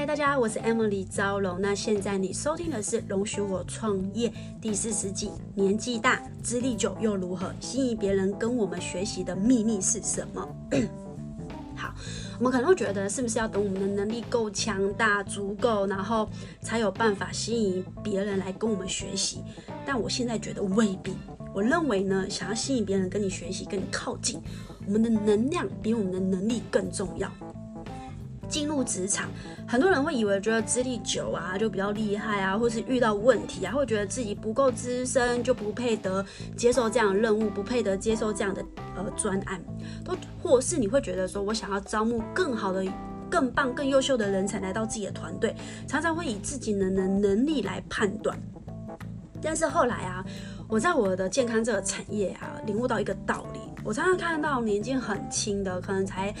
嗨，大家好，我是 Emily 招龍。那現在你收聽的是《容許我創業》第四十集。年紀大、資歷久又如何？吸引別人跟我們學習的秘密是什麼？ 好，我們可能會覺得是不是要等我們的能力夠強大、足夠，然後才有辦法吸引別人來跟我們學習？但我現在覺得未必。我認為呢，想要吸引別人跟你學習、跟你靠近，我們的能量比我們的能力更重要。進入職場，很多人會以為覺得資歷久啊就比較厲害啊，或是遇到問題啊會覺得自己不夠資深就不配得接受這樣的任務，不配得接受這樣的呃專案，都或是你會覺得說我想要招募更好的、更棒、更優秀的人才來到自己的團隊，常常會以自己的能能力來判斷。但是後來啊，我在我的健康這個產業啊，領悟到一個道理，我常常看到年紀很輕的，可能才。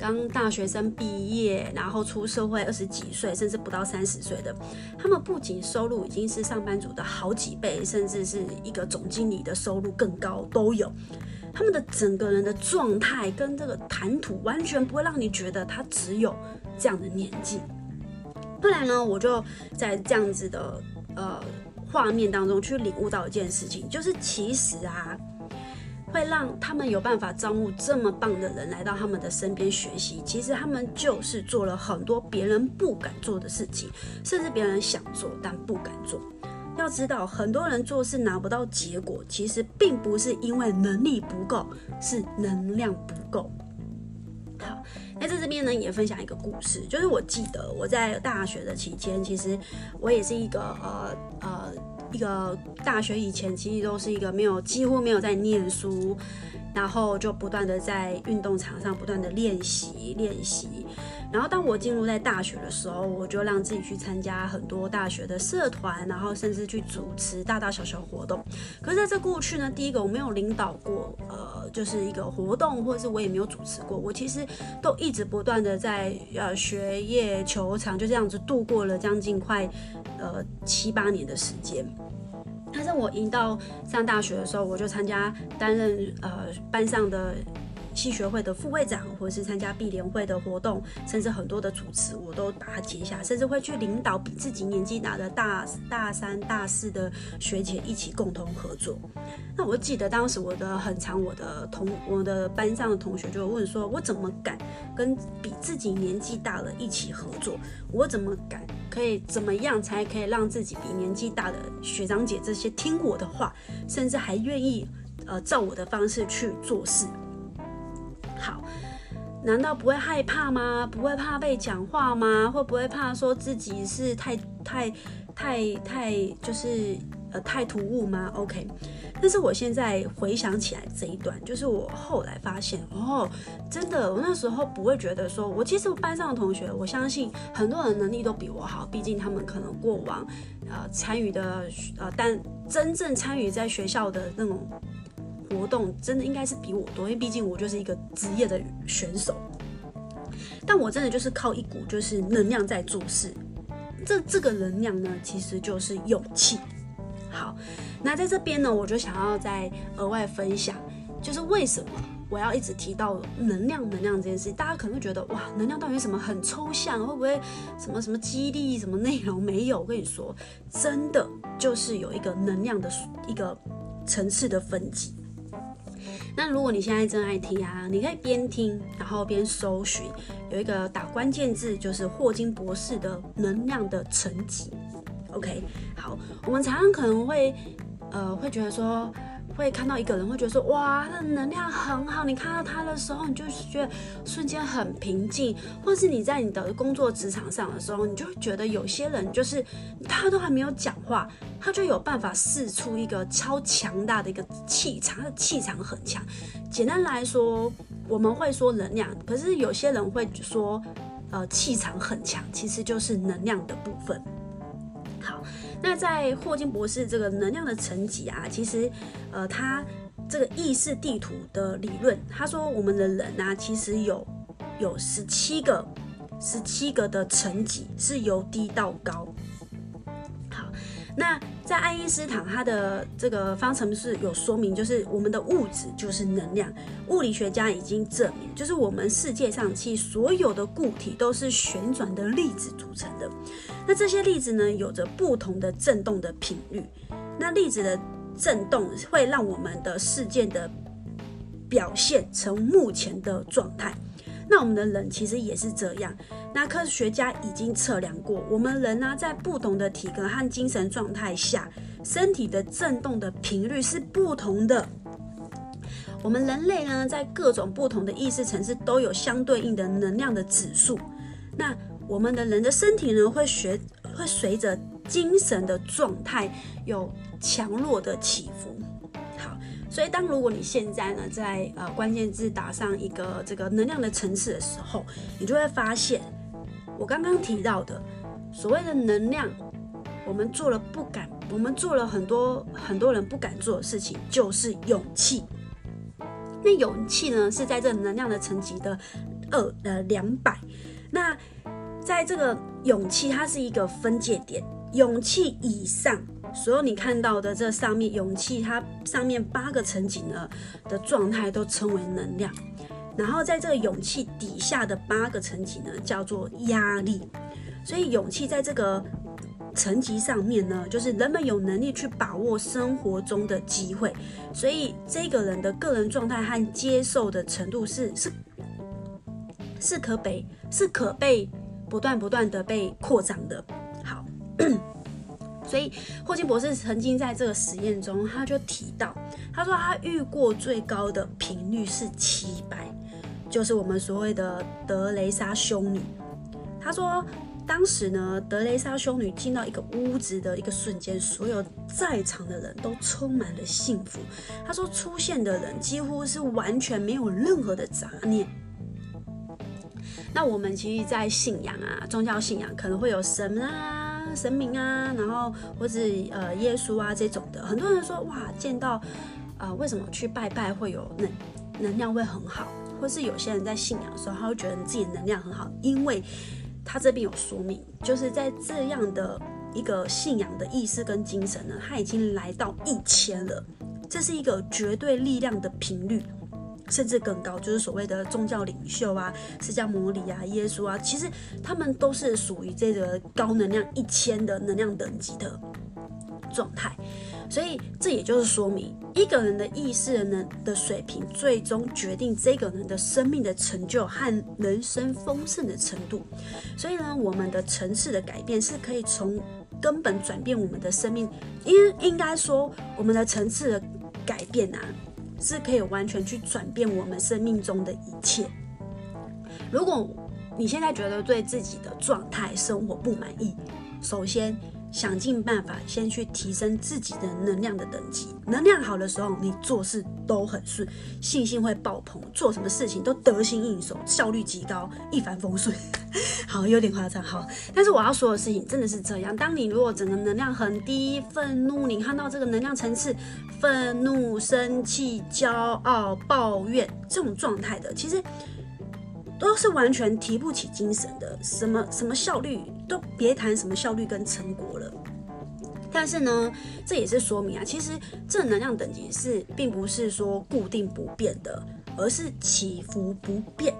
剛大學生畢業，然後出社會二十幾歲，甚至不到三十歲的，他們不僅收入已經是上班族的好幾倍，甚至是一個總經理的收入更高都有。他們的整個人的狀態跟這個談吐，完全不會讓你覺得他只有這樣的年紀。後來呢，我就在這樣子的呃畫面當中去領悟到一件事情，就是其實啊。會讓他們有辦法招募這麼棒的人來到他們的身邊學習。其實他們就是做了很多別人不敢做的事情，甚至別人想做但不敢做。要知道，很多人做事拿不到結果，其實並不是因為能力不夠，是能量不夠。好，那在這邊呢，也分享一個故事，就是我記得我在大學的期間，其實我也是一個呃呃一個大學以前，其實都是一個沒有，幾乎沒有在念書。然後就不斷的在運動場上不斷的練習練習，然後當我進入在大學的時候，我就讓自己去參加很多大學的社團，然後甚至去主持大大小小活動。可是在這過去呢，第一個我沒有領導過，呃，就是一個活動，或者是我也沒有主持過，我其實都一直不斷的在呃學業球場就這樣子度過了將近快呃七八年的時間。我一到上大學的時候，我就參加擔任呃班上的系學會的副會長，或者是參加閉聯會的活動，甚至很多的主持我都打結一下，甚至會去領導比自己年紀大的大大三、大四的學姐一起共同合作。那我記得當時我的很常，我的同我的班上的同學就問說：“我怎麼敢跟比自己年紀大了一起合作？我怎麼敢？”可以怎麼樣才可以讓自己比年紀大的學長姐這些聽我的話，甚至還願意呃照我的方式去做事？好，難道不會害怕嗎？不會怕被講話嗎？會不會怕說自己是太太太太就是？呃，太突兀嗎？OK，但是我現在回想起來這一段，就是我後來發現哦，真的，我那時候不會覺得說，我其實我班上的同學，我相信很多人能力都比我好，畢竟他們可能過往呃參與的呃，但真正參與在學校的那種活動，真的應該是比我多，因為畢竟我就是一個職業的選手，但我真的就是靠一股就是能量在做事，這這個能量呢，其實就是勇氣。好，那在這邊呢，我就想要再額外分享，就是為什麼我要一直提到能量、能量這件事，大家可能會覺得，哇，能量到底什麼很抽象，會不會什麼什麼激勵、什麼內容沒有？我跟你說，真的就是有一個能量的一個層次的分級。那如果你現在真愛聽啊，你可以邊聽，然後邊搜尋，有一個打關鍵字就是霍金博士的能量的層級。OK，好，我們常常可能會，呃，會覺得說，會看到一個人，會覺得說，哇，他的能量很好。你看到他的時候，你就是覺得瞬間很平靜，或是你在你的工作職場上的時候，你就會覺得有些人就是他都還沒有講話，他就有辦法釋出一個超強大的一個氣場，他的氣場很強。簡單來說，我們會說能量，可是有些人會說，呃，氣場很強，其實就是能量的部分。那在霍金博士這個能量的層級啊，其實，呃，他這個意識地圖的理論，他說我們的人啊，其實有有十七個十七個的層級是由低到高。好，那。在愛因斯坦，他的這個方程式，有說明，就是我們的物質就是能量。物理學家已經證明，就是我們世界上其所有的固體都是旋轉的粒子組成的。那這些粒子呢，有着不同的震動的頻率。那粒子的震動會讓我們的世界的表現成目前的狀態。那我們的人其實也是這樣。那科學家已經測量過，我們人呢、啊、在不同的體格和精神狀態下，身體的振動的頻率是不同的。我們人類呢，在各種不同的意識層次都有相對應的能量的指數。那我們的人的身體呢，會學會隨着精神的狀態有強弱的起伏。所以，當如果你現在呢，在呃關鍵字打上一個這個能量的層次的時候，你就會發現，我剛剛提到的所謂的能量，我們做了不敢，我們做了很多很多人不敢做的事情，就是勇氣。那勇氣呢，是在這能量的層級的二呃兩百。那在這個勇氣，它是一個分界點，勇氣以上。所有你看到的這上面勇氣，它上面八個層級呢的狀態都稱為能量，然後在這個勇氣底下的八個層級呢叫做壓力。所以勇氣在這個層級上面呢，就是人們有能力去把握生活中的機會。所以這個人的個人狀態和接受的程度是是是可被是可被不斷不斷的被擴張的。好。 所以霍金博士曾經在這個實驗中，他就提到，他說他遇過最高的頻率是七百，就是我們所謂的德雷莎修女。他說當時呢，德雷莎修女進到一個屋子的一個瞬間，所有在場的人都充滿了幸福。他說出現的人幾乎是完全沒有任何的雜念。那我們其實，在信仰啊，宗教信仰可能會有什麼呢？神明啊，然後或者呃耶穌啊這種的，很多人說哇，見到啊、呃、為什麼去拜拜會有能能量會很好，或是有些人在信仰的時候，他會覺得自己的能量很好，因為他這邊有說明，就是在這樣的一個信仰的意識跟精神呢，他已經來到一千了，這是一個絕對力量的頻率。甚至更高，就是所謂的宗教領袖啊、釋迦牟尼啊、耶穌啊，其實他們都是屬於這個高能量一千的能量等級的狀態。所以，這也就是說明，一個人的意識的能的水平，最終決定這個人的生命的成就和人生豐盛的程度。所以呢，我們的層次的改變是可以從根本轉變我們的生命。應應該說，我們的層次的改變啊。是可以完全去轉變我們生命中的一切。如果你現在覺得對自己的狀態、生活不滿意，首先。想盡辦法先去提升自己的能量的等級，能量好的時候，你做事都很順，信心會爆棚，做什麼事情都得心應手，效率極高，一帆風順。 好，有點誇張，好，但是我要說的事情真的是這樣。當你如果整個能量很低，憤怒，你看到這個能量層次，憤怒、生氣、驕傲、抱怨這種狀態的，其實。都是完全提不起精神的，什麼什麼效率都別談，什麼效率跟成果了。但是呢，這也是說明啊，其實正能量等級是並不是說固定不變的，而是起伏不變。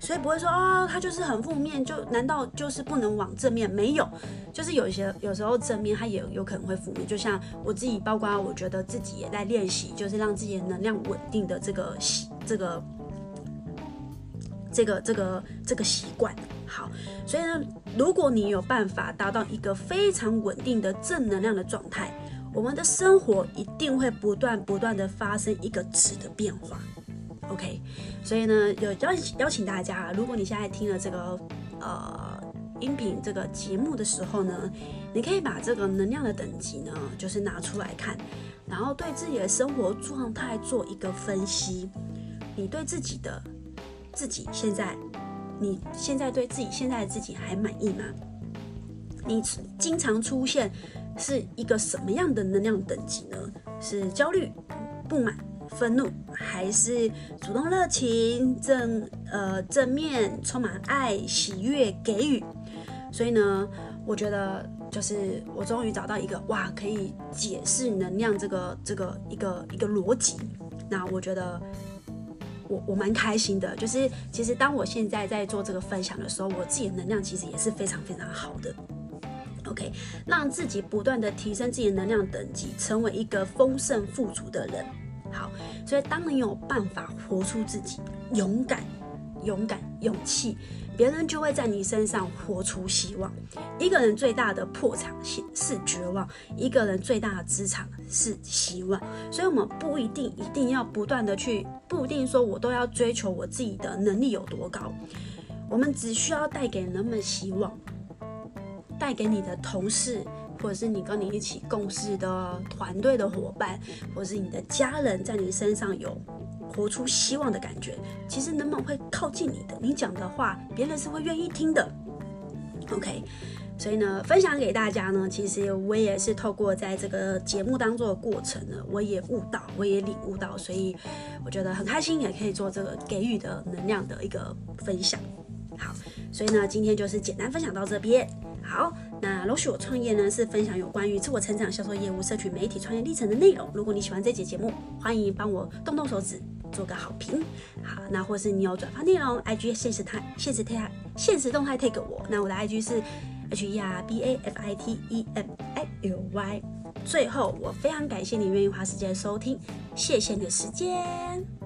所以不會說啊、哦，它就是很負面，就難道就是不能往正面？沒有，就是有一些有時候正面它也有可能會負面。就像我自己，包括我覺得自己也在練習，就是讓自己的能量穩定的這個這個。這個這個這個習慣好，所以呢，如果你有辦法達到一個非常穩定的正能量的狀態，我們的生活一定會不斷不斷的發生一個質的變化。OK，所以呢，有邀請邀請大家啊，如果你現在聽了這個呃音頻這個節目的時候呢，你可以把這個能量的等級呢，就是拿出來看，然後對自己的生活狀態做一個分析，你對自己的。自己現在，你現在對自己現在的自己還滿意嗎？你經常出現是一個什麼樣的能量等級呢？是焦慮、不滿、憤怒，還是主動、熱情、正呃正面、充滿愛、喜悅、給予？所以呢，我覺得就是我終於找到一個哇，可以解釋能量這個這個一個一個邏輯。那我覺得。我我蠻開心的，就是其實當我現在在做這個分享的時候，我自己的能量其實也是非常非常好的。OK，讓自己不斷的提升自己的能量等級，成為一個豐盛富足的人。好，所以當你有辦法活出自己，勇敢。勇敢、勇氣，別人就會在你身上活出希望。一個人最大的破產是是絕望，一個人最大的資產是希望。所以，我們不一定一定要不斷的去，不一定說我都要追求我自己的能力有多高，我們只需要帶給人們希望，帶給你的同事，或者是你跟你一起共事的團隊的夥伴，或是你的家人，在你身上有。活出希望的感覺，其實人們會靠近你的，你講的話別人是會願意聽的。OK，所以呢，分享給大家呢，其實我也是透過在這個節目當中的過程呢，我也悟到，我也領悟到，所以我覺得很開心，也可以做這個給予的能量的一個分享。好，所以呢，今天就是簡單分享到這邊。好，那容許我創業呢是分享有關於自我成長、銷售業務、社群媒體創業歷程的內容。如果你喜歡這節節目，歡迎幫我動動手指。做個好評，好，那或是你有轉發內容，IG 限時態、限時態、限時動態推給我。那我的 IG 是 h e r b a f i t e m i l y。最後，我非常感謝你願意花時間收聽，謝謝你的時間。